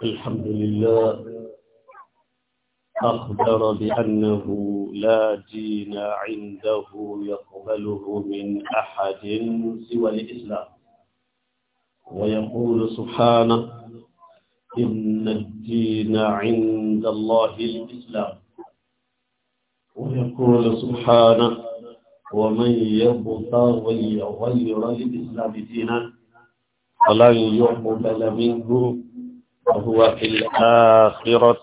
الحمد لله أخبر بأنه لا دين عنده يقبله من أحد سوى الإسلام ويقول سبحانه إن الدين عند الله الإسلام ويقول سبحانه ومن يبتغي غير الإسلام دينا فلن يقبل منه وهو في الآخرة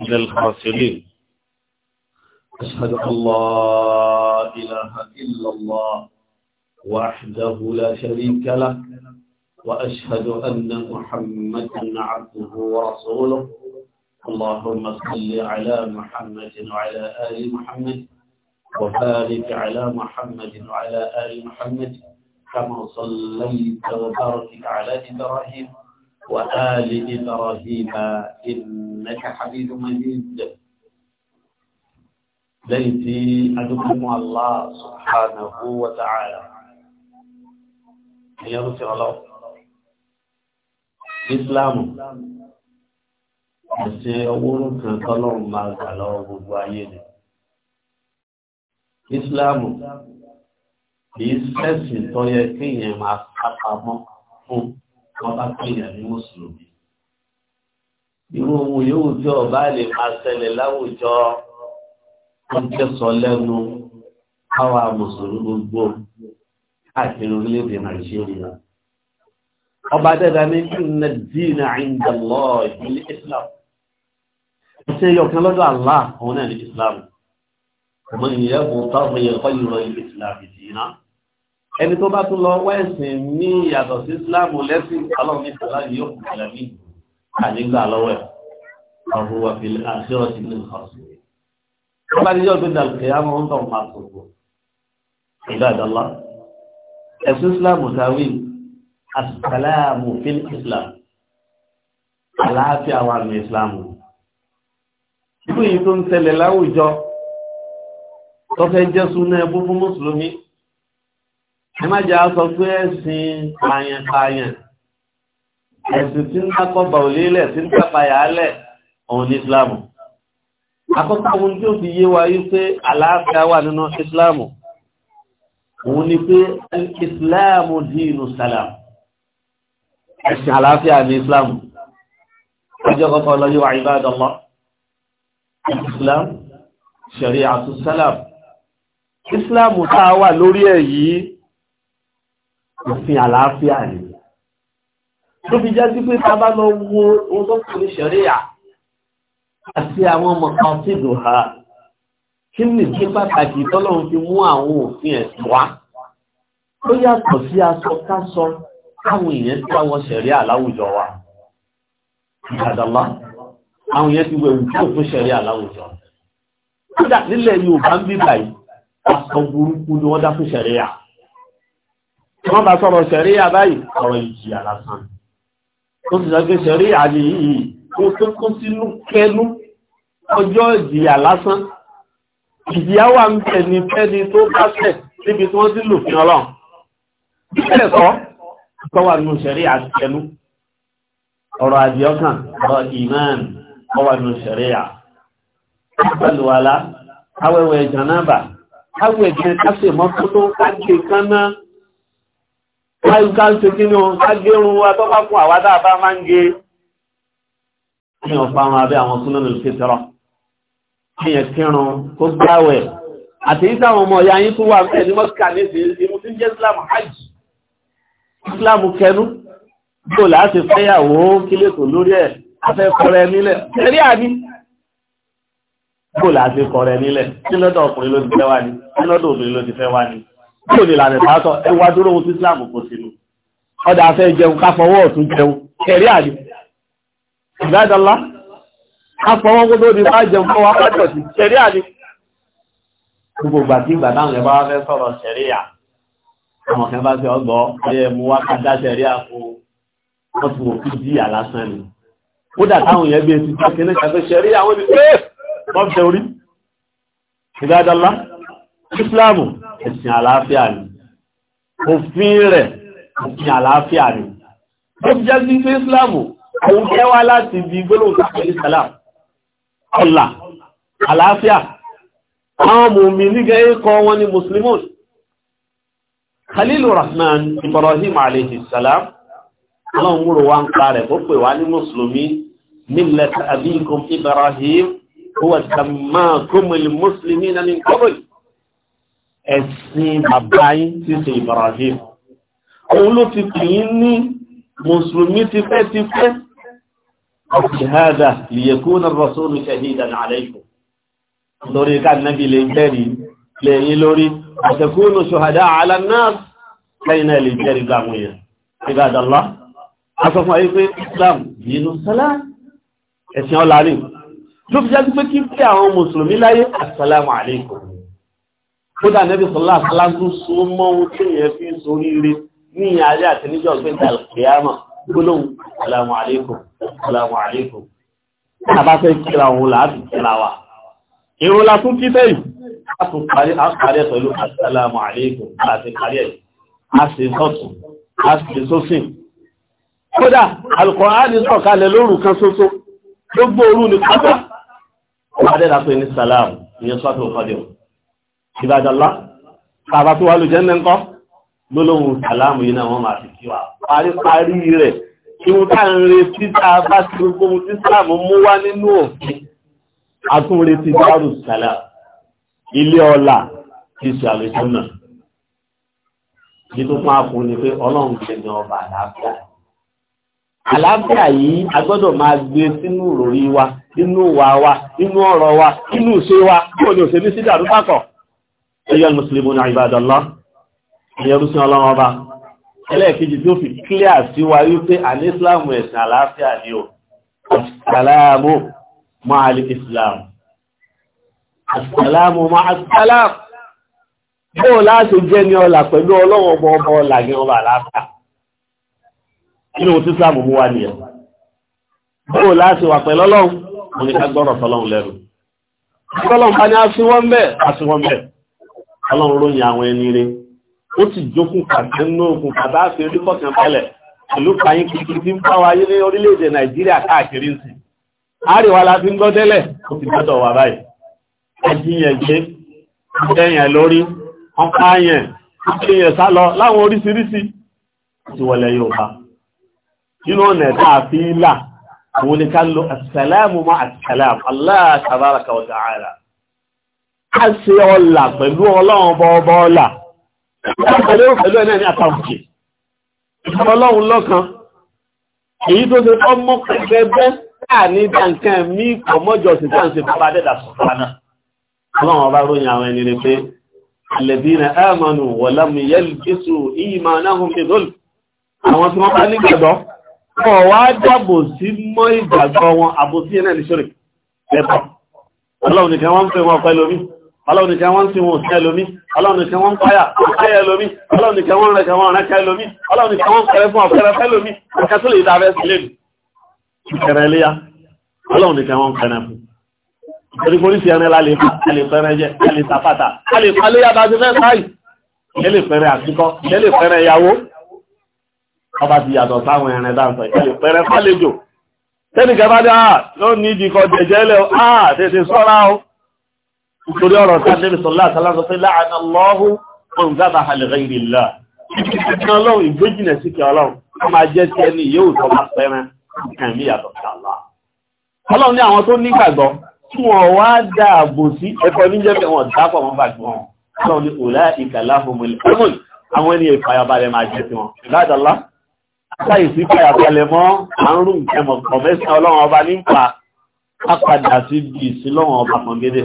من الخاسرين أشهد أن لا إله إلا الله وحده لا شريك له وأشهد أن محمدا عبده ورسوله اللهم صل على محمد وعلى آل محمد وبارك على محمد وعلى آل محمد كما صليت وبارك على إبراهيم وآل إبراهيم إنك حميد مجيد ليتي أدعو الله سبحانه وتعالى يا رسول الله إسلام ẹ̀sẹ̀ owóró kan tọ́lọ́run máa gbà lọ́wọ́ gbogbo ayé ni ìsìláàmù kìí sẹ́sìn tó kéèyàn máa sápamọ́ fún ọba péyà ní mùsùlùmí. irú ohun yòówù tí ọba lè máa ṣẹlẹ̀ láwùjọ wọn kẹsọ lẹ́nu káwa mùsùlùmí gbogbo káàkiri orílẹ̀-èdè nàìjíríà. ọba dẹ́dá ní inna ad-dina 'inda Allah al-Islam. ẹsẹ̀ yọ̀kan lọ́dọ̀ Allah òun náà ní islam. ọmọ ìyẹ́bù táwọn yẹ kọ́ ìrọ̀ ìsìlámù dínà ẹni tó bá tún lọ wá ẹ̀sìn ní ìyàtọ̀ sí islamu lẹ́sìn ọlọ́run ní ìfẹ́ láti yóò kùn ẹ̀mí àdígbà lọ́wọ́ ẹ̀ ọ̀hún wà fi àṣírọ̀ sí ní ìfọ̀sùn. tó bá níjọ́ tó dàgbé á mọ́ ń tọ̀ máa sòkò ìlú àdọ́lá ẹ̀sìn islamu tawí asàlámù fil islam àlàáfíà wà ní islamu. ìlú yìí tó ń tẹ̀lé láwùjọ tó fẹ́ jẹ́ súnà ẹbú ẹ má jẹ́ sọ pé ẹ̀sìn pààyàn-pààyàn ẹ̀sìn tí ń dákọ̀bà òlélẹ̀ tí ń dápayà álẹ̀ ọ̀hún ní islamu akọ́kọ́ àwọn tí ó fi yé wa yí pé àlàáfíà wà nínú islamu òun ni pé islamu dínú salam ẹ̀sìn àlàáfíà ní islamu ọjọ́ kọ́kọ́ lọ yíwa ibadallah islam shari'atu salam islamu tá a wà lórí ẹ̀ yìí òfin àlàáfíà ni tó fi jẹ́ sí pé ta bá lọ wo ohun tó kù ní ṣẹ̀ríyà àti àwọn ọmọ kan sí ìdòhà kí ni sí pàtàkì tọ́lọ́run fi mú àwọn òfin ẹ̀sìn wá tó yàtọ̀ sí aṣọ káṣọ káwọn èèyàn tí àwọn ṣẹ̀ríyà láwùjọ wa ìgbàdàlá àwọn èèyàn ti wẹ̀wù tí òfin ṣẹ̀ríyà láwùjọ kódà nílẹ̀ Yorùbá ń bíbà yìí aṣọ burúkú ni wọ́n dá fún ṣẹ̀ríyà wọ́n bá sọ̀rọ̀ ṣẹ̀rí àbáyìí ọ̀rọ̀ ìjìyà lásán tó ti sọ́gbé ṣẹ̀rí àmì yìí tó tó kó sínú kẹnu ọjọ́ ìjìyà lásán ìjìyà wà ń bẹ̀ ní fẹ́ni tó bá níbi tí wọ́n ti lò fún ọlọ́run bíbẹ̀ kọ́ tó wà nù ṣẹ̀rí àti kẹnu ọ̀rọ̀ àdìọ́kàn ọ̀rọ̀ ká ń ṣe kí ní ohun ságérun wa tó bá kún àwádá bá máa ń gé ní ọ̀pá àwọn abẹ́ àwọn súnmọ́nà lè tẹ́rọ kíyàn kírun kó gbáwẹ̀ àti ìta àwọn ọmọ ìyá yín tó wà mẹ́ẹ̀ ní mọ́síkà ní ìsinmi tí ń jẹ́ Islam hajj Islam kẹnu bó láti fẹ́yàwó tí ò ní lànà ìbátọ̀ ẹ wá dúró ohun tí Islam kò sínú ọdá afẹ́ jẹun ká fọwọ́ ọ̀tún jẹun kẹrí àdì ìgbádọ́lá ká fọwọ́ kó tó di wá jẹun fọwọ́ pàtàkì sí kẹrí àdì gbogbo ìgbà tí ìgbà náà lẹ́bàá fẹ́ sọ̀rọ̀ sẹ̀ríà àwọn kan bá fẹ́ ọgbọ́ ẹ mú wá ká dá sẹ̀ríà fún wọ́n ti wò kí di àlásán ni ó dà táwọn yẹn bí etí tó kéne kàfẹ́ sẹ̀ríà wọ́n ti pé wọ́n fẹ́ orí ìgbádọ́lá Ìsìlámù ẹ̀sìn àlàáfíà ni òfin rẹ̀ òfin àlàáfíà ni ó fi jẹ́ sí pé islamu òun jẹ́ wá láti di gbólóhùn sáfẹ́ islam ọ̀là àlàáfíà àwọn mùmí nígẹ́ ikọ̀ wọn ni muslimun khalilu rahman ibrahim alayhi salam ọlọ́run múrò wá ń parẹ̀ ó pè wá ní mùsùlùmí ẹ̀sìn bàbá yín tí ṣe Ibrahim òun ló ti pè yín ní mùsùlùmí ti pẹ́ ti pẹ́ ọ̀pìhádà lìyẹ̀kúnà rọ̀sọ́lù ṣẹ̀hídà alaykum lórí ká nábi lè jẹ́rìí lẹ́yìn lórí àtẹ̀kúnù ṣùhàdá ala nas lẹ́yìn náà lè jẹ́rìí gbàmù yẹn ìbádàlá asọ́fún ayé pé ẹ̀sìn ọlá rí ló fi jẹ́ pé kí pé àwọn mùsùlùmí láyé assalamu alaykum kódà nẹ́bí sọlá àtàlá tó so mọ́ ohun tí èèyàn fi ń sorí ire ní alẹ́ àti níjọ́ ọ̀gbìn dàlùkìyàmà gbólóhùn salamu alaykum salamu alaykum àbáfẹ́ kíra òun láti kíra wa èrò la tún kí sẹ́yìn a tún parí àkàrẹ́ pẹ̀lú assalamu alaykum láti parí ẹ̀ kan ṣoṣo gbogbo òru ní pátá wọ́n adẹ́dàpẹ́ ní salamu ìyẹn sọ́tún kọ́dẹ̀ ìbàdàlá tàbá tó wà ló jẹ́ mẹ́ńkọ́ gbólóhùn sàlámù yìí náà wọ́n máa fi kí wa paríparí rẹ̀ kí wọ́n tá ń retí tá a bá ti gbogbo ohun tí sàlámù mú wá nínú òfin atúnretí dárù sàlá ilé ọlá ti sàlùsọ́nà títún fún àkùn ni pé ọlọ́run ti ní ọba àlàáfíà àlàáfíà yìí a máa gbé sínú ìròrí wa nínú wa wa nínú ọ̀rọ̀ wa nínú ìṣe wa kí o ní òṣèlú sí dàrú ẹyọ́ mùsùlùmí náà ìbádọ́lá ìyẹrúsí ọlọ́run ọba ẹlẹ́ẹ̀kejì tí ó fi clear sí wa wípé àní islam ẹ̀sìn àlàáfíà ni ó asàlámù máa lè islam asàlámù máa asàlám bóò láti jẹ́ ní ọlà pẹ̀lú ọlọ́run ọba ọba ọlà ní ọba àlàáfíà nínú tí islam mú ọlọ́run ló yin àwọn ẹni rẹ̀ ó sì jókun kàtí nínú ogun kàtà àti oníkọ̀kan balẹ̀ ìlú kàyín kìkì tí ń bá wa yé ní orílẹ̀-èdè nàìjíríà káàkiri ń sìn àríwá la fi ń gbọ́ tẹ́lẹ̀ ó ti gbọ́dọ̀ wà báyìí ajíyànjẹ́ ìtẹ́yàn lórí ọpáyàn ìtẹ́yàn sálọ láwọn oríṣiríṣi ká ṣe ọlà pẹ̀lú ọlọ́run bọ́ọ̀bọ́ ọlà pẹ̀lú pẹ̀lú ẹ̀nà ní àtàkùnkè ọlọ́run lọ́kan èyí tó ṣe fọ́ mọ́ pẹ̀lẹ́gbẹ́ láàní dáǹkan mí pọ̀mọ́jọ́ sí táǹsì bàbá dẹ́dà sọ̀tánà ọlọ́run ọba ròyìn àwọn ẹni ni pé alladhina amanu wa lam yalbisu imanahum bidhulm àwọn tí wọ́n bá nígbàgbọ́ ọ̀ wá dábò sí mọ́ ìgbàgbọ́ wọn àbòsí ẹ̀nà ìṣòro ẹ̀bọ̀ ọlọ́run nìkan wọ́n ń pè wọn pẹ̀lú omi Ọlọ́run nìkan wọ́n tí wọ́n ṣẹ́ lómi, ọlọ́run nìkan wọ́n páyà, páyà lómi, ọlọ́run nìkan wọ́n rẹ̀kẹ̀ wọ́n rẹ̀kẹ̀ lómi, ọlọ́run nìkan wọ́n pẹ̀rẹ̀ fún ọ̀pẹ̀rẹ̀ fẹ́ lómi, ọ̀kẹ́ tó lè dáfẹ́ sílé nù. Ìkẹrẹ léyá, ọlọ́run nìkan wọ́n pẹ̀rẹ̀ fún. Torí polisi ẹni la lè fa, a lè pẹ̀rẹ̀ jẹ, a lè tàpátà, a lè fa léyá bá ti fẹ́ báyìí. Ìyẹ́ lè pẹ̀rẹ̀ àtúkọ́, ìyẹ́ lè pẹ̀rẹ̀ ìyàwó. Ọba ti yàtọ̀ sáwọn ẹran dáńtọ̀, ìyẹ́ lè pẹ̀rẹ̀ fálejò. Tẹ́nìkẹ́ bá dé, ah, ló ní ìdíkọ̀ jẹjẹ́ lẹ́ o, ah, tètè sọ́ra o nítorí ọ̀rọ̀ tí a nẹ́bí sọ láti aláàzọ pé láàánà lọ́hù ọ̀n gábà àlẹ́gẹ́ ìrìnlá ìpínlẹ̀ ọlọ́run ìgbéjìnà síkẹ ọlọ́run wọ́n máa jẹ́ ti ẹni yóò tọ́ máa pẹ́rẹ́ nǹkan mí yàtọ̀ sí àlá ọlọ́run ní àwọn tó nígbàgbọ́ tí wọ́n wá dá àbò sí ẹ̀kọ́ níjẹ́ pé wọ́n dápọ̀ mọ́ gbàgbọ́ wọn ọlọ́run ní òlá ìkàlá àwọn ẹni ìfàyàbalẹ̀ máa jẹ́ sí wọn ìbádọ́lá láìsí fàyàbalẹ̀ mọ́ àrùn ìkẹmọ̀ ọlọ́run ọba nípa á sí bí ìsìn ọba kan gédé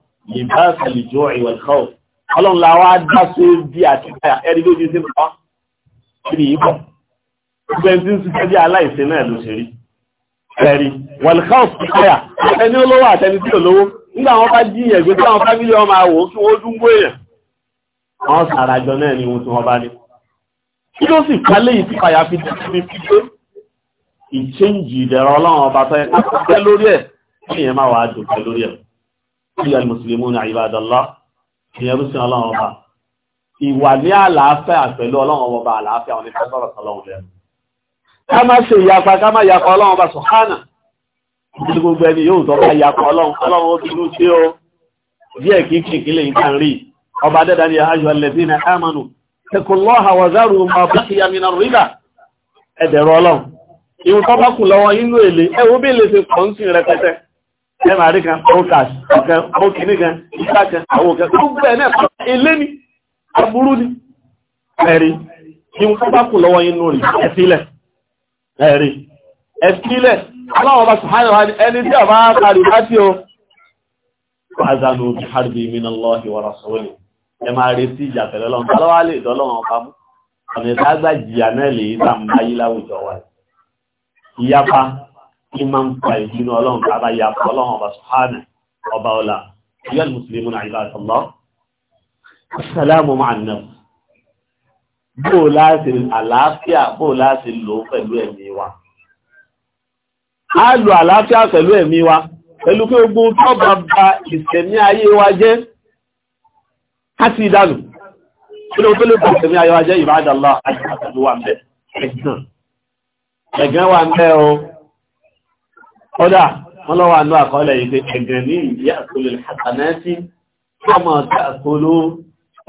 libasa al-ju'i wal-khawf ọlọ́run la wá dá sí bí àti báyà ẹni lójú sí bàbá kiri ikọ̀ gbẹ̀ntí ń sùkẹ́ bí aláìsí náà ló ṣe rí ẹ̀rí wal-khawf báyà ẹni olówó àtẹni tí olówó nígbà wọn bá jí ẹgbẹ́ tí àwọn fámílì ọmọ àwò kí wọ́n dún gbó èèyàn wọ́n sàràjọ náà ni ohun tí wọ́n bá ní kí ló sì kálé ìtìpayà fi dé síbi fi ìchéǹjì ìdẹ̀rọ ọlọ́run ọba tó yẹ lórí ẹ̀ kí èèyàn má wàá dùn pẹ̀ lórí ẹ̀ ayọ̀ alìmùsùlùmí ní àyíbádọ́lá ìyẹn rúsìn ọlọ́run ọba ìwà ní àlàáfíà pẹ̀lú ọlọ́run ọba àlàáfíà wọn ni fẹ́ sọ̀rọ̀ sọlọ́run lẹ́nu ká má ṣe ìyapa ká má yapa ọlọ́run ọba sùhánà ní gbogbo ẹni yóò tọ́ bá yapa ọlọ́run ọlọ́run ó bínú sí o díẹ̀ kí kí ìkílẹ̀ yìí kàn rí ọba dẹ́dá ni ẹmà rí kan ọkàṣì ọ̀kan ọkìní kan ìsákan àwọn òkè gbogbo ẹ̀ náà ilé ní aburú ní ẹ̀rí kí wọ́n bá kù lọ́wọ́ inú rí ẹ̀sílẹ̀ ẹ̀rí ẹ̀sílẹ̀ aláwọ̀ bá sùhánà wá ní ẹni tí a bá kàrí o fàzánù bí harbi min Allahi wa rasulihi ẹ máa rí sí ìjà tẹ̀lé lọ́n tọ́lọ́wà lè dọ́lọ́wọ́n ọ̀pá mú ọ̀nà ìtagbà jìyà náà lè yí tàmbáyí láwùjọ wa ìyapa ní máa ń fa ìbínú ọlọ́run tàbá ya ọlọ́run ọba sùhánà ọba ọlá yọ́n mùsùlùmí náà ìbáṣọ́lọ́ sàlámù máa nà bó láti àlàáfíà bó láti lò pẹ̀lú ẹ̀mí wa a lò àlàáfíà pẹ̀lú ẹ̀mí wa pẹ̀lú pé ogun tó ba ìsẹ̀mí ayé wa jẹ́ ká sí ìdánù kí ló bá ìsẹ̀mí ayé wa jẹ́ ìbádàlá àti àtàlú wa ń bẹ̀ ẹ̀gán kódà wọ́n lọ́wọ́ àánú àkọọ́lẹ̀ yìí pé ẹ̀gẹ̀ ní ìyá àkọlù ìhàtàmẹ́sí ọmọ àkọlù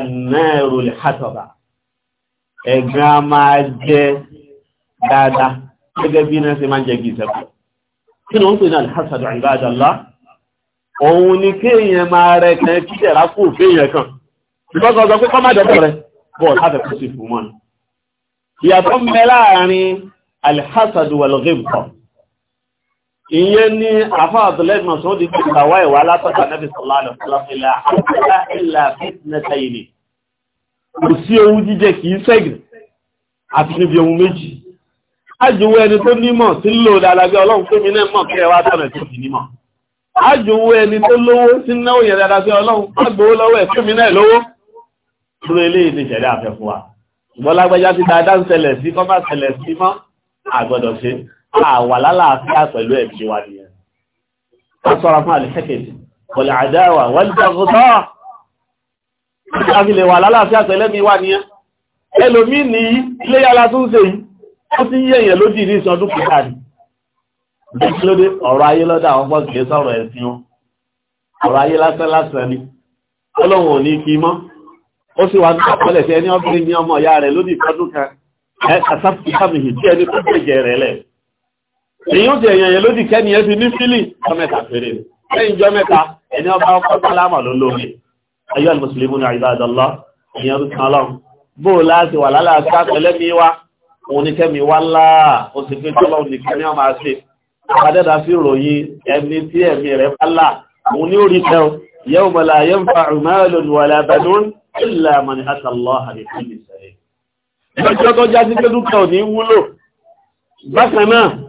ẹ̀nẹ́rù ìhàtọ̀bà ẹ̀gẹ̀ a máa jẹ dáadáa gẹ́gẹ́ bí náà ṣe máa jẹ gìzẹ̀kù kí ni ó ń pè náà ìhàtàdọ̀ ìbájọ́lá òun ni kéèyàn máa rẹ kan ìyàtọ̀ ń bẹ láàárín ìyẹn ní afá àtúlẹ́gbọ̀n tó di ìgbàwà ìwà látọ́ta nẹ́bí sọ̀lálọ̀ fúlọ́fílà àtúlá ìlà fìtínẹ́ta ilé kò sí ewu jíjẹ kìí sẹ́gìn àti níbi ohun méjì ájòwó ẹni tó nímọ̀ tí ń lò dáadáa ọlọ́run fún mi náà mọ̀ kí ẹ wá tọ̀nà tí kì nímọ̀ ájòwó ẹni tó lówó tí náwó yẹn dáadáa àwà lálàáfíà pẹ̀lú ẹ̀mí wa nìyẹn. a sọ́ra fún àlẹ́kẹ̀ẹ́sì pọ̀lẹ̀ àdáwà wọ́n jẹ́ ọgọ́tọ́ àfilẹ̀ wà lálàáfíà pẹ̀lú ẹ̀mí wa nìyẹn ẹlòmí ní ilé yára tún ṣe yìí ó ti ń yẹ̀yẹ̀ lójì ní ìṣọdún kìíkà ni lóde ọ̀rọ̀ ayé lọ́dọ̀ àwọn pọ́ kìí sọ̀rọ̀ ẹ̀sìn wọn ọ̀rọ̀ ayé lásán lásán ni ọlọ́run ò ní kí mọ́ ó sì wà ní àpọ̀lẹ̀ sí ẹni ọkùnrin ní ọmọ ìyá rẹ̀ lódì ìkọdún kan ẹ̀ kàtàkùn sábìhì tí ẹni tó gbẹ̀jẹ̀ rẹ̀ lẹ̀ èyàn ti èyàn yẹn lódì kẹ́ni ẹ fi ní fílì ọjọ́ mẹ́ta péré lẹ́yìn ọjọ́ mẹ́ta ẹni ọba ọkọ̀ sálámà ló lóore ayé alùmùsùlùmí ní àìbádọ́lá èyàn tó kan lọ́rùn bó láti wà lálàáfíà pẹ̀lẹ́mí wá òun ní kẹ́mi wá ńlá ó sì fi tọ́lọ́ nìkan ní ọmọ àṣẹ àdẹ́dà fi ròyìn ẹni tí ẹ̀mí rẹ̀ pálá òun ní orí tẹ́ yẹ́wò mọ̀lá yẹ́ ń fa malun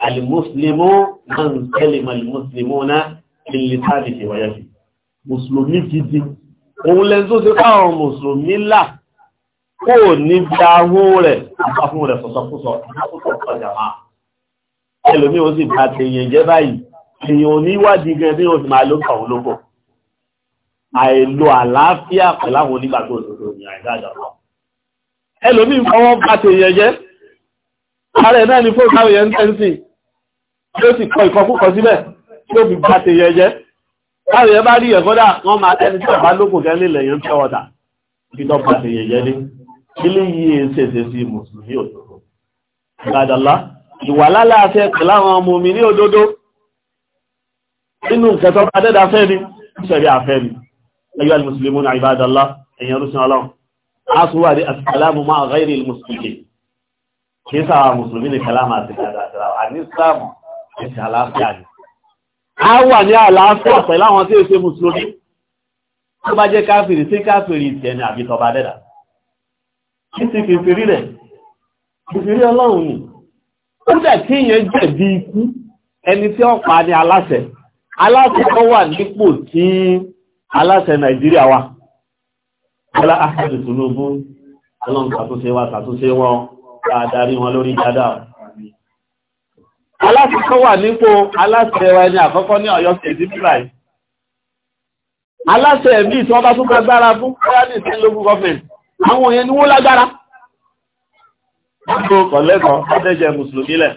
alimuslimu man sẹ́lẹ̀mọ̀ alimuslimu na ìlítàdì ìwàyàfi mùsùlùmí gidi òun lẹ́n tó ti fáwọn mùsùlùmí là kó ní bí ahó rẹ̀ àpapọ̀ rẹ̀ sọ̀sọ̀kúsọ̀ ẹlòmí ó sì bá tèèyàn jẹ́ báyìí èèyàn oníwádìí gan bí wọ́n ti máa ló kà wọ́n lókọ̀ àìlò àlàáfíà pẹ̀láwọn onígbàgbọ́ òṣòro ní àìdájà náà ẹlòmí fọwọ́ bá tèèyàn jẹ́ ń tẹ́ǹsì tí ó sì kọ ìkọkúkọ síbẹ̀ tí ó fi gbá ti yẹjẹ́ láàrin ẹ bá rí ẹ̀kọ́dà wọ́n máa ẹni tí ọ̀bá lókùn kẹ́ nílẹ̀ yẹn tẹ́ ọ̀dà kí tó bá ti yẹjẹ́ ní ilé yìí ń ṣèṣe sí mùsùlùmí òdodo ìgbàdàlá ìwà lálàáfẹ́ pẹ̀lú àwọn ọmọ mi ní òdodo nínú nǹkan tó bá dẹ́dà fẹ́ ni ìṣẹ̀rí àfẹ́ ni ẹgbẹ́ mùsùlùmí náà ìbádàlá ẹ̀yìn ọlọ́sìn ọlọ́run ẹ̀sìn àlàáfíà ni a wà ní àlàáfíà pẹ̀lú àwọn tí ó ṣe mùsùlùmí tó bá jẹ́ káfìrí sí káfìrí ìtẹ̀ni àbí tọba dẹ́dà kí ti kìfìrí rẹ̀ kìfìrí ọlọ́run ni ó dẹ̀ kí ìyẹn jẹ̀bi ikú ẹni tí ó pa ní aláṣẹ aláṣẹ tó wà nípò tí aláṣẹ nàìjíríà wa Bọ́lá Ahmed Tinubu ọlọ́run ṣàtúnṣe wa ṣàtúnṣe wọn ká darí wọn lórí dáadáa aláṣẹ tó wà nípò aláṣẹ ẹwà ẹni àkọ́kọ́ ní ọ̀yọ́ kejì bíbà yìí aláṣẹ ẹ̀mí tí wọ́n bá tún lágbára fún kọ́ránì sí lógún gọ́fẹ̀ẹ́ àwọn èèyàn ni wọ́n lágbára gbogbo kọ̀lẹ́kọ̀ọ́ ọdẹ́jẹ mùsùlùmí lẹ̀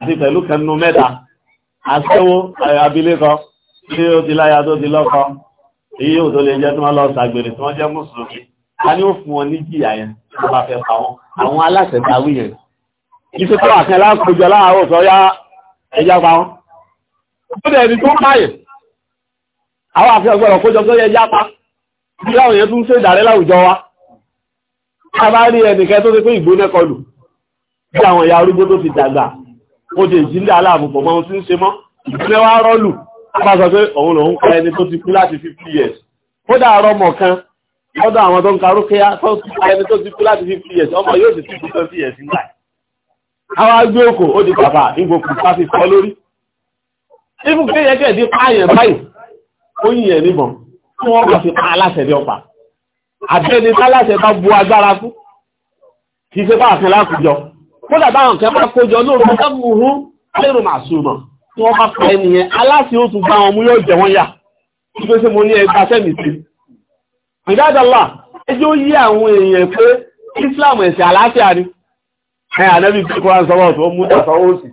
àti pẹ̀lú kẹnu mẹ́ta aṣẹ́wó abilékọ tí ó ti láya tó ti lọ́kọ èyí ò tó lè jẹ́ tí wọ́n lọ ṣàgbèrè tí wọ́n jẹ́ mùsùlùmí a ní ó fún wọn ní jìyà yẹn tí wọ́n bá fẹ́ pa wọn àwọn aláṣẹ tàwí yẹn ìṣe tó àkẹ́ lákòjọ láàárọ̀ tó yá ẹja pa wọn. ó dẹ̀ ní tó káyè àwọn àfihàn gbọ́dọ̀ kójọ tó yẹ jápa bí láwọn yẹn tún ṣe ìdàrẹ́ láwùjọ wa a bá rí ẹnìkẹ́ tó ti pé ìgbóná kọlù bí àwọn ìyá arúgbó tó ti dàgbà ó ti ìjìnlẹ̀ aláàbò pọ̀ mọ́ tí ń ṣe mọ́ ìgbóná wa rọ́lù a bá sọ pé òun lòun kọ ẹni tó kú láti 50 years ó dà rọ mọ̀ kan lọ́dọ̀ àwọn tó ń karókè ẹni tó ti 50 years ọmọ yóò ti ti kú 20 years àwọn agbóòkò ó di bàbá ìgbò kù sáfi kọ́ lórí ibù kí yẹ kẹ́ẹ̀dí pààyàn báyìí ó yìnyẹn níbọn tí wọ́n bá fi pa aláṣẹ ní ọpa àbẹ́ni aláṣẹ bá bu agbára fún kì í ṣe bá àfin lákòjọ kódà báwọn kẹ bá kójọ lóru ọjọ́ mùhú lérò màṣúmọ̀ tí wọ́n bá fẹ́ nìyẹn aláṣẹ ó tún bá wọn mú yóò jẹ wọ́n yà ìgbé sí mo ní ẹgbà sẹ́mì sí ìdádọ́là ẹjọ́ yí àwọn èèyàn pé Islam ẹ̀sìn àlàáfíà ni ẹ ànábì pé kó wọ́n sọ́wọ́ tó mú ìtàsọ́wọ́ òsì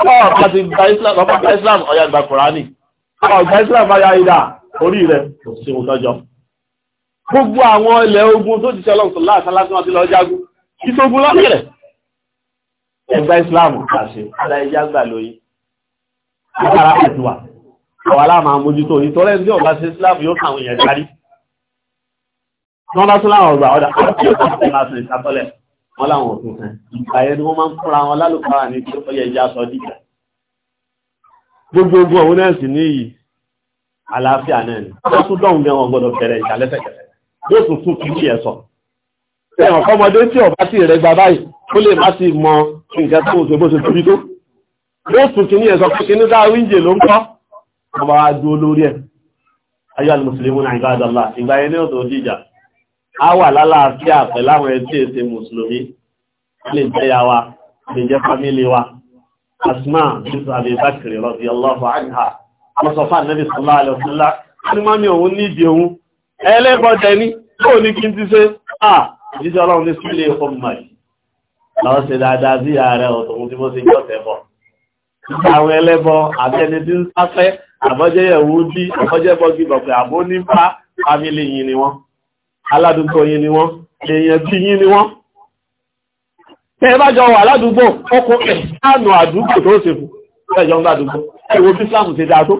ọ̀pá ti gba Islam ọ̀pá gba Islam ọ̀yà ìgbà Kùránì ọ̀gbà Islam ayá ìdá orí rẹ̀ kò sí ohun tọ́jọ́ gbogbo àwọn ilẹ̀ ogun tó ti ṣẹlọ́ sọ láàṣà láti wọn ti lọ jagun kí tó gun lọ́nà rẹ̀ ẹgbà Islam kàṣe aláìjá gbà lóyìn látara pẹ̀tù wà àwọn aláàmà mójútó nítorí ẹni tí ọ̀gá sí Islam yóò kàwọn èèyàn kárí wọ́n bá tún láwọn ọgbà ọ̀dà àti ọ̀gá sí Islam wọ́n láwọn òfin kan ìgbàyẹ ni wọ́n máa ń fúnra wọn lálùpàá ní tí ó yẹ ìjà sọ dìjà gbogbogbò òun náà sì ní yìí àlàáfíà náà ni wọ́n tún dọ̀hún bí wọn gbọ́dọ̀ bẹ̀rẹ̀ ìjà lẹ́sẹ̀kẹsẹ̀ yóò tún tún kìí ẹ̀ sọ ẹ̀wọ̀n kọ́mọdé tí ọba sì rẹ̀ gba báyìí ó lè má sì mọ nǹkan tó ń ṣe bó ṣe tóbi tó yóò tún kìí ẹ̀ sọ pé kìí dá wíńjẹ ló ń kọ́ ọba wa dúró lórí ẹ̀ ayọ́ àlùmùsùlùmí náà ìgbà àdàlà ìgbà yẹn ní ọ̀tọ̀ òjì ìjà á wà lálàáfíà pẹ̀lú àwọn ẹtí èsè mùsùlùmí lè jẹ́ ya wa lè jẹ́ fámílì wa asma bísí abibakiri rọ̀bì ọlọ́fà àníhà wọ́n sọ fún ànábì sọlá àlọ́sílá ní mami òun nídìí òun ẹlẹ́gbọ́dẹ ní tó ní kí n ti ṣe à ìdíjọ́ ọlọ́run ní sílé ọkọ̀ mọ̀ì lọ́wọ́ ṣe dáadáa sí ààrẹ ọ̀tọ̀hún tí mo ṣe jọ́ tẹ̀bọ̀ àwọn ẹlẹ́bọ àtẹni fámílì yìí ni wọ́n aládùúgbò yín ni wọ́n èèyàn bí yín ni wọ́n tẹ́ bá jọ wà aládùúgbò ọkọ̀ ẹ̀sánù àdúgbò tó ṣe fún ẹjọ́ ń gbàdúgbò ẹwọ bí sáàmù ti dáa tó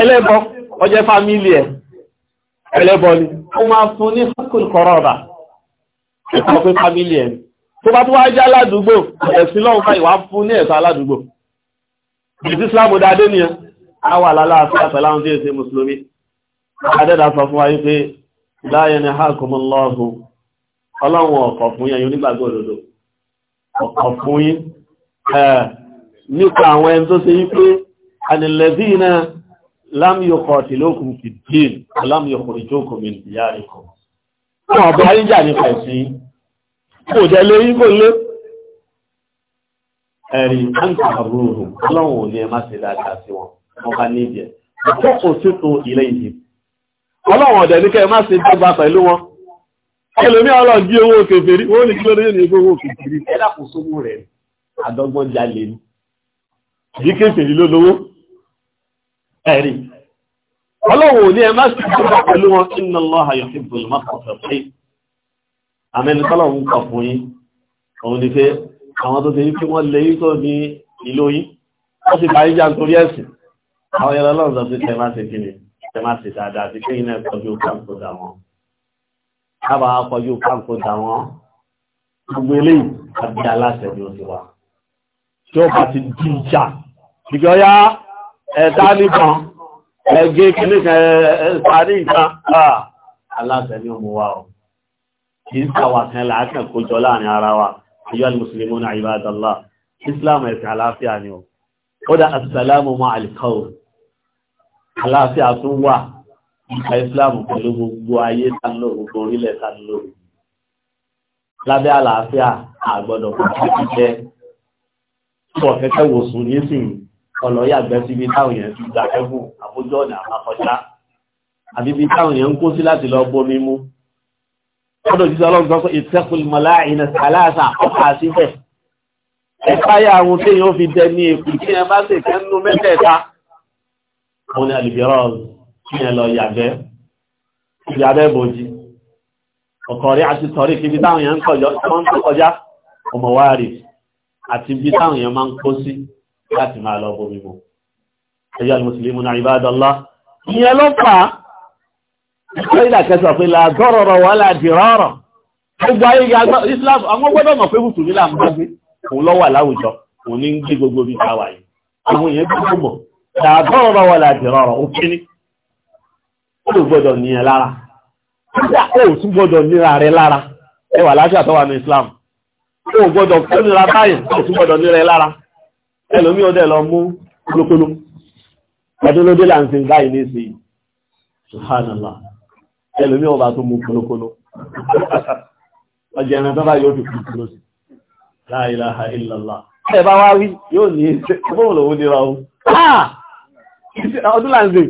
ẹlẹ́bọ ọjẹ́ fámílì ẹ̀ ẹlẹ́bọ ni ó máa fún ní kọ́kùnkọ́rọ̀ ọ̀bà ẹ̀kọ́ pé fámílì ẹ̀ tó bá tó wá jẹ́ aládùúgbò ẹ̀sìn lọ́wọ́ fà ìwà fún ní ẹ̀sọ́ aládùúgbò ìsìslámù dáadé nìyẹn á adẹ́dà sọ fún ayé pé láyé ni hákùnmọ́ lọ́ọ̀hùn ọlọ́run ọ̀kọ̀ fún yẹn onígbàgbọ́ òdodo ọ̀kọ̀ fún yín nípa àwọn ẹni tó ṣe yí pé anìlẹ́dínà lámìyọkọ̀ tìlókùn fìdíìn alámìyọkọ̀ ìjókòó mi ìyá ikọ̀ wọn ọ̀bọ̀ ayé jà ọlọ́wọ̀n ọ̀dẹ̀ ní kẹ́ má ṣe dọ́gba pẹ̀lú wọn ẹlòmí ọlọ́ jí owó kèfèrí wọ́n ní kílódé ní egbó owó kèfèrí ẹ̀dá kò sówó rẹ̀ àdọ́gbọ́n jalè ní bí kèfèrí ló lówó ẹ̀rí ọlọ́wọ̀n ní ẹ má ṣe dọ́gba pẹ̀lú wọn inna Allaha yuhibbul muqsitin àmẹ́ni tọ́lọ̀hún kọ̀ fún yín òun ni pé àwọn tó ti rí pé wọ́n lè yíkọ́ ní ìlú yín wọ́n sì parí jà nítorí ẹ̀sìn àwọn ẹ̀rọ ọlọ́run ẹ má ṣe dáadáa ti kéyìn náà kọjú káńkó dà wọn kábà kọjú káńkó dà wọn gbogbo eléyìí àbí aláṣẹ ni ó ti wà tí ó bá ti di ìjà ìjọ ya ẹ dánìkan ẹ gé kìnnì kan ẹ sáré nǹkan aláṣẹ ni ó mú wa o kì í sàwà kan làákàn kójọ láàrin ara wa ayyuha al-muslimuna ibadallah islam ẹ̀sìn àlàáfíà ni o ó dá assalamu ma'al qawl àlàáfíà tó wà nípa Islam pẹ̀lú gbogbo ayé tánlò gbogbo orílẹ̀ tánlò lábẹ́ àlàáfíà àgbọ̀dọ̀ pàtàkì jíjẹ́ pọ̀ kẹ́kẹ́ wò sùn nísìnyí ọ̀nà yàgbẹ́ síbi táwọn yẹn ti gbà kẹ́kù àbójú ọ̀nà àkọjá àbí bí táwọn yẹn ń kó sí láti lọ bomi mú ọdọ̀ jíjẹ́ ọlọ́gbọ́n pé ìtẹ́kùn mọ́lá ìnà sàlásà ọkà síbẹ̀ ẹ̀ka yà àwọn téèyàn fi dẹ ní èkù tí ẹ bá sì kẹ́nu mẹ́tẹ̀ẹ̀ta àwọn ní alìbíràn kí ẹ lọ yàgbẹ́ ìyàbẹ́ bòjì ọ̀kọ̀rí àti sọ̀rí ibi táwọn èèyàn ń kọjá ọmọwárì àti ibi táwọn èèyàn máa ń kó sí láti máa lọ bomi mu ẹ̀yà alìmùsùlùmí náà ìbádọ́lá ìyẹn ló fà á ìkọ́ ìdàkẹsọ̀ pé làgọ́rọ̀rọ̀ wà ládìrọ́rọ̀ gbogbo ayé gbogbo Islam àwọn gbọ́dọ̀ mọ̀ pé bùtù nílà ń dàbọ̀rọ̀ bá wà láàdìrọ̀rọ̀ òkíní ó gbọ́dọ̀ níyàn lára ó tún gbọ́dọ̀ níra rẹ lára ẹwà láṣà tó wà ní Islam ó gbọ́dọ̀ kó níra báyìí ó tún gbọ́dọ̀ níra lára ẹlòmí ọdẹ lọ mú kúlókúló ọdúnlódé là ń sin báyìí ní sí ṣùhánàlá ẹlòmí ọba tó mú kúlókúló ọjẹrin tó bá yóò fi kúlókúló sí láìláha ìlàlá ẹ bá wá rí yóò ní ẹgbẹ́ òun lòun níra ohun ah! ọdún láǹzẹ̀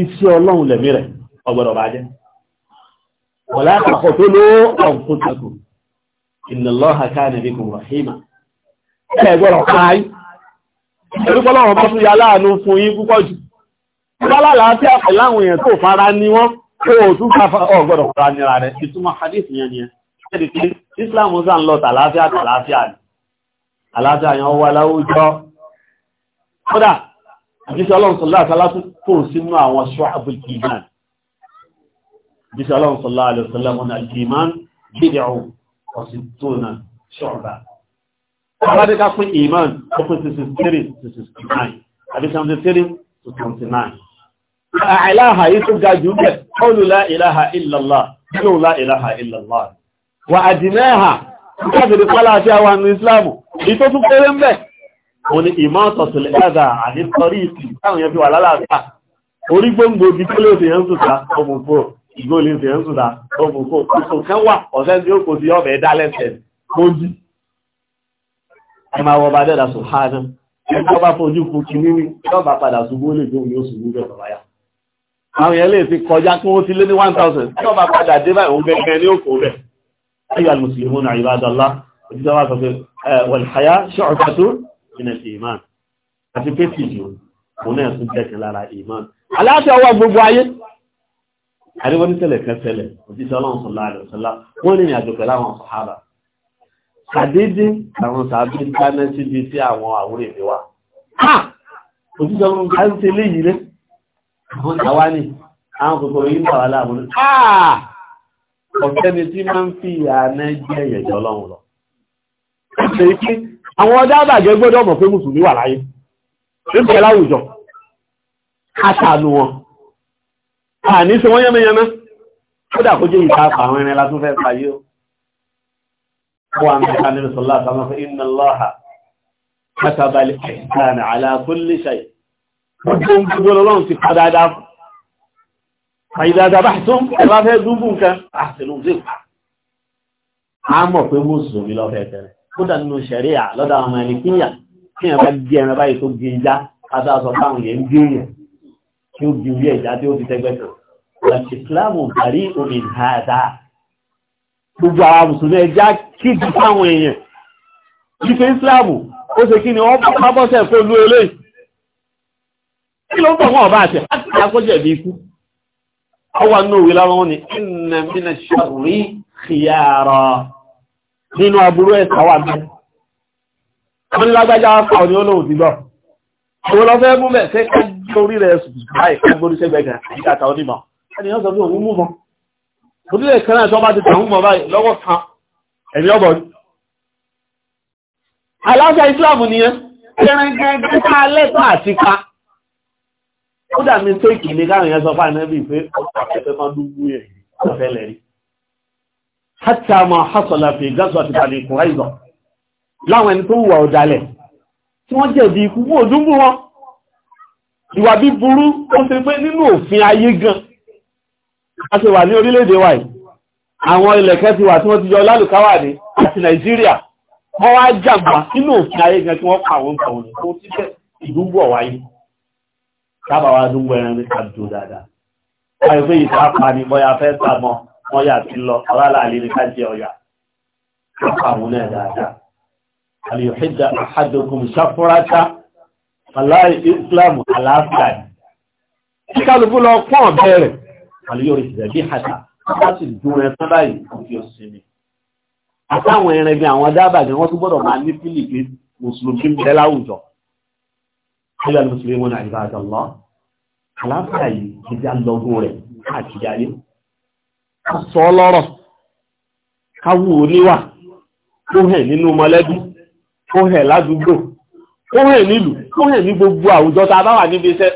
iṣẹ́ ọlọ́run lẹ̀mí rẹ̀ ọgbọ̀dọ̀ bá jẹ́ wọ̀lá àpapọ̀ tó ló ọ̀pùtàkù ìnàlọ́ha káàrìnrìnkù rahima ẹgbọ́rọ̀ káàí ẹgbọ́lọ́run bá tún ya láàánú fún yín púpọ̀ jù lálàáfíà pẹ̀láwọn èèyàn tó fara ní wọ́n tó tún káfà ọgbọ̀dọ̀ fara nira rẹ̀ ìtumọ̀ hadith yẹn ni ẹ̀ Islam ń wà láwùjọ kódà àjíṣẹ́ ọlọ́run sọ̀lá àtàlá tó kò sínú àwọn ṣọ́àbù ìmán àjíṣẹ́ ọlọ́run sọ̀lá àlẹ́sọ̀lá mọ́nà ìmán gbèdè ọ̀hún ọ̀sìn tó na ṣọ́ọ̀bà aládéká pín ìmán ó pín 63 to 69 àbí 73 to 79 àìláha mo ní ìmọ́ọ̀tọ̀tọ̀ lẹ́dà àti sọrí ìsì táwọn yẹn fi wà lálàáfíà orí gbóngbò di tó lè fèyàn sùdá ọmọ òfò ìgbó lè fèyàn sùdá ọmọ òfò ìsòkán wà ọ̀sẹ́ tí ó kò sí ọ̀fẹ́ dálẹ́sẹ̀ mójú ẹ máa wọ bá dẹ́dà sùn ha náà ẹgbẹ́ bá fojú kú kí níní lọ́ba padà ṣubú lè gbóhùn yóò ṣubú bẹ́ẹ̀ bàbá yá àwọn yẹn lè ti kọjá kí wọ́n ti lé ní one thousand lọ́ba padà dé báyìí òun gẹ́gẹ́ ní òkò bẹ̀ ayọ̀ àlùmùsùlùmí náà ìbádọ́lá ìjọba sọ pé wọ̀lùkáyà ṣọ́ọ̀kà tó nínú ìmán àti pẹ́tìjì òun náà tún jẹ́ kan lára ìmán aláṣẹ ọwọ́ gbogbo ayé àríwọ́n tẹ́lẹ̀ kan tẹ́lẹ̀ òjíṣẹ́ ọlọ́run sọ̀lá rẹ̀ sọ̀lá wọ́n ní ìrìnàjò pẹ̀lú àwọn sàhábà sàdédé àwọn sàbí dáná síbi tí àwọn àwúrò èdè wa òjíṣẹ́ ọlọ́run ká ń tẹ́lẹ̀ yìí rẹ̀ àwọn àwa ni àwọn kòkòrò yìí bà wá láàmú ní ọ̀fẹ́ni tí máa ń fi ìyà náà jẹ́ ìyẹ̀jọ́ ọlọ́run lọ àwọn ọdá àbàjẹ́ gbọ́dọ̀ mọ̀ pé mùsùlùmí wà láyé nípẹ̀ láwùjọ àtàánú wọn àní sí wọ́n yẹ́mẹ́yẹ́mẹ́ ó dà kó jẹ́ ìta àwọn ẹni látún fẹ́ fàyé ó wà ní ìkànnì sọ́lá àtàwọn fún iná lọ́ha kátàbàlì àìsàn àlàkúnlé ṣàì gbogbo ọlọ́run ti padà dá fàyídáadáa bá lọ́fẹ́ tẹ́lẹ̀ kódà nínú ṣẹ̀ríà lọ́dọ̀ àwọn ẹni kíyà tí yẹn bá gbé ẹran báyìí tó gbé ìjá adáṣọ táwọn yẹn gbé yẹn tí ó gbé orí ẹ̀já tí ó fi tẹ́gbẹ́ kan láti islamu bàrí omi dáadáa gbogbo àwọn mùsùlùmí ẹja kíjì fáwọn èèyàn wípé islamu ó ṣe kí ni wọ́n bá bọ́sẹ̀ fún olú eléyìí kí ló ń bọ̀ wọ́n ọba àṣẹ láti àkójẹ̀ bí ikú ọwọ́ nínú òwe láwọn ni ẹnìyàn mí nínú aburú ẹ̀sà wà mẹ́. wọ́n lágbájá wá pàwọn ní olóhùn ti gbọ́. àwọn lọ fẹ́ mú mẹ́ ṣe ká lórí rẹ̀ sùn báyìí ká gbórí sẹ́gbẹ̀ẹ́ kan àyíká ta onímọ̀. ẹni yóò sọ fún òun mú mọ́. orílẹ̀ kan náà tí wọ́n bá ti tàwọn mọ̀ báyìí lọ́wọ́ kan ẹ̀mí ọ̀bọ̀ ni. aláṣà Islam nìyẹn kẹrẹngẹrẹngẹ ká lẹ́tọ̀ àti ká. ó dà mí séèkì ní káwọn yẹn sọ fún àná hátà máa hásọ̀lá fi gásọ̀ àti tàbí ìkùnrà ìzọ̀ láwọn ẹni tó wùwà ọ̀dálẹ̀ tí wọ́n jẹ̀bi ikú fún òdúnbù wọn ìwà bí burú ó ṣe pé nínú òfin ayé gan a ṣe wà ní orílẹ̀-èdè wa yìí àwọn ilẹ̀ kan ti wà tí wọ́n ti yọ lálùkáwà ní àti Nàìjíríà wọ́n wá jàmbá nínú òfin ayé gan tí wọ́n pa àwọn nǹkan òní tó ti bẹ́ ìdúnbù ọ̀wáyé sábà wa dúnbù ẹran ní kàdùn dáadáa wọ́n yà sí lọ ọ̀rálà àlèrè ká jẹ ọ̀yà àwọn náà dáadáa alìyọ̀hídà àhàdùkùn sáfúrátá aláì islam aláàfíà ní kálùkù lọ pọ́n bẹ̀rẹ̀ alìyọ̀rí ìrẹ̀bí hàtà láti dùn ẹ̀ tán báyìí fi ọ̀sìnmi àtàwọn ẹ̀rẹ̀ bí àwọn dábàá ni wọ́n tún gbọ́dọ̀ máa ní fílìpì mùsùlùmí bẹ́ẹ̀ láwùjọ ilẹ̀ mùsùlùmí wọn àìbájọ́ lọ aláàfíà yìí ti dá rẹ̀ káàkiri ayé ká sọ lọ́rọ̀ ká wù ú níwà kó hẹ̀ nínú mọ̀lẹ́bí kó hẹ̀ ládùúgbò kó hẹ̀ nílùú kó hẹ̀ ní gbogbo àwùjọ tá a bá wà níbi iṣẹ́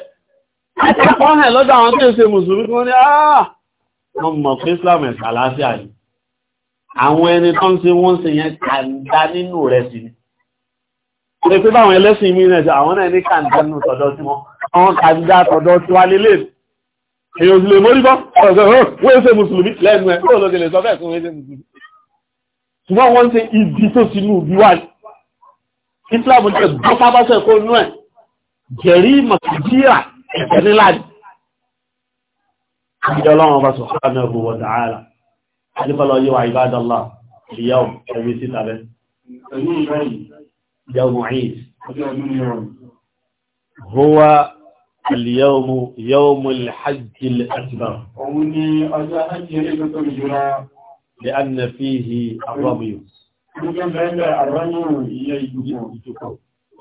kó hẹ̀ lọ́dọ̀ àwọn tí ń ṣe mùsùlùmí kí wọ́n ní áà ah! wọ́n mọ̀ pé Islam ẹ̀sà láfíà ni àwọn ẹni tó ń ṣe wọ́n ṣe yẹn kàńdá nínú rẹ̀ sí ni pé pé báwọn ẹlẹ́sìn mi náà àwọn náà ní kàńdá nínú tọ̀dọ̀ tí wọ́n àwọn kàńdá tí wá lélẹ́sìn èyàn òsìlè mórí bọ́ ọ̀sẹ̀ hàn wọ́n ṣe mùsùlùmí lẹ́nu ẹ̀ kúrò lókè lè sọ bẹ́ẹ̀ fún wọ́n ṣe mùsùlùmí ṣùgbọ́n wọ́n ṣe ibi tó ti nù bí wà ní Islam jẹ́ gbọ́pábáṣẹ́ kó nú ẹ̀ jẹ̀rí màkàdíyà ẹ̀fẹ́ nílá ní ìjọ lọ́wọ́ bá sọ fún ẹ̀rù wọ̀ dáhàrà adífọ́lọ́ yíwa ìbádọ́lá ìyàwó ẹ̀rí síta bẹ́ yàwó اليوم يوم الحج الأكبر لأن فيه الرمي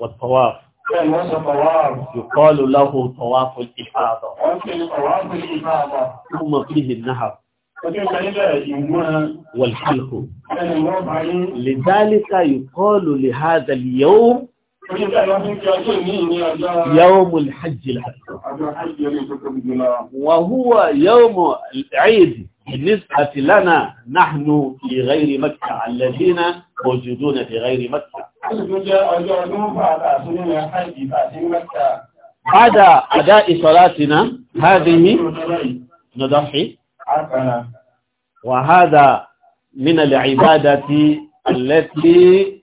والطواف يقال له طواف الإفاضة ثم فيه النهر والحلق لذلك يقال لهذا اليوم يوم الحج الأكبر وهو يوم العيد بالنسبة لنا نحن في غير مكة الذين موجودون في غير مكة بعد أداء صلاتنا هذه نضحي وهذا من العبادة التي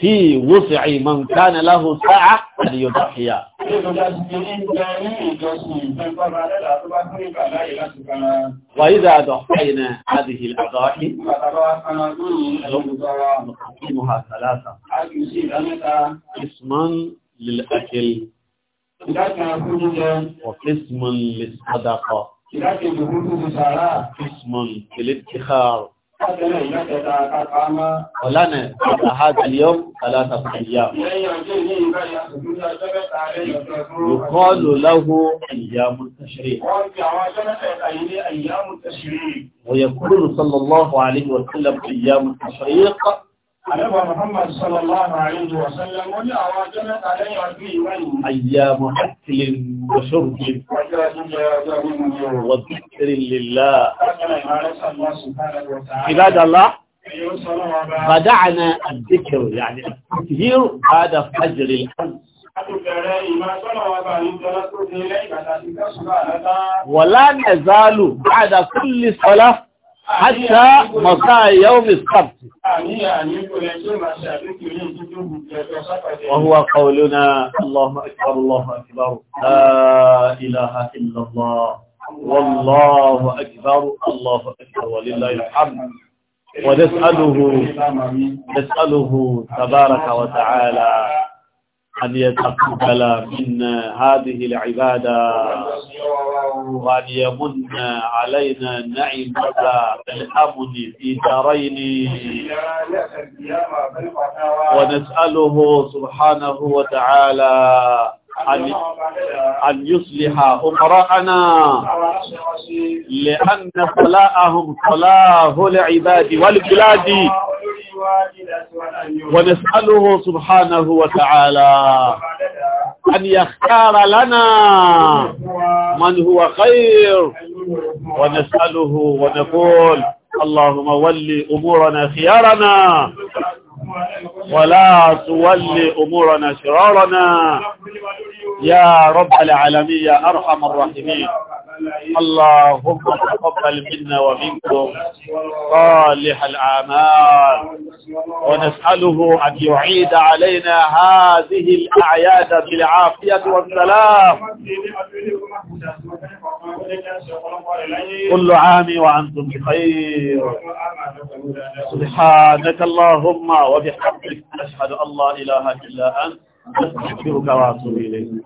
في وسع من كان له ساعة يضحي وإذا ضحينا هذه الأضاحي نقسمها ثلاثة قسما للأكل وقسم للصدقة قسم للادخار ولنا هذا اليوم ثلاثة أيام يقال له أيام التشريق ويقول صلى الله عليه وسلم أيام التشريق أيام محتل وشرب وذكر لله عباد الله فدعنا الذكر يعني التكبير بعد فجر الأمس ولا نزال بعد كل صلاه حتى مساء يوم السبت وهو قولنا اللهم أكبر الله أكبر لا إله إلا الله والله أكبر الله أكبر ولله الحمد ونسأله نسأله تبارك وتعالى أن يتقبل منا هذه العبادة وأن يمن علينا نعمة الأمن في دارين ونسأله سبحانه وتعالى أن أن يصلح أمراءنا لأن صلاءهم صلاة العباد والبلاد ونسأله سبحانه وتعالى أن يختار لنا من هو خير ونسأله ونقول اللهم ولي أمورنا خيارنا ولا تولي أمورنا شرارنا يا رب العالمين يا أرحم الراحمين اللهم تقبل منا ومنكم صالح الأعمال ونسأله أن يعيد علينا هذه الأعياد بالعافية والسلام كل عام وأنتم بخير سبحانك اللهم وبحمدك أشهد أن لا إله إلا أنت أستغفرك وأتوب إليك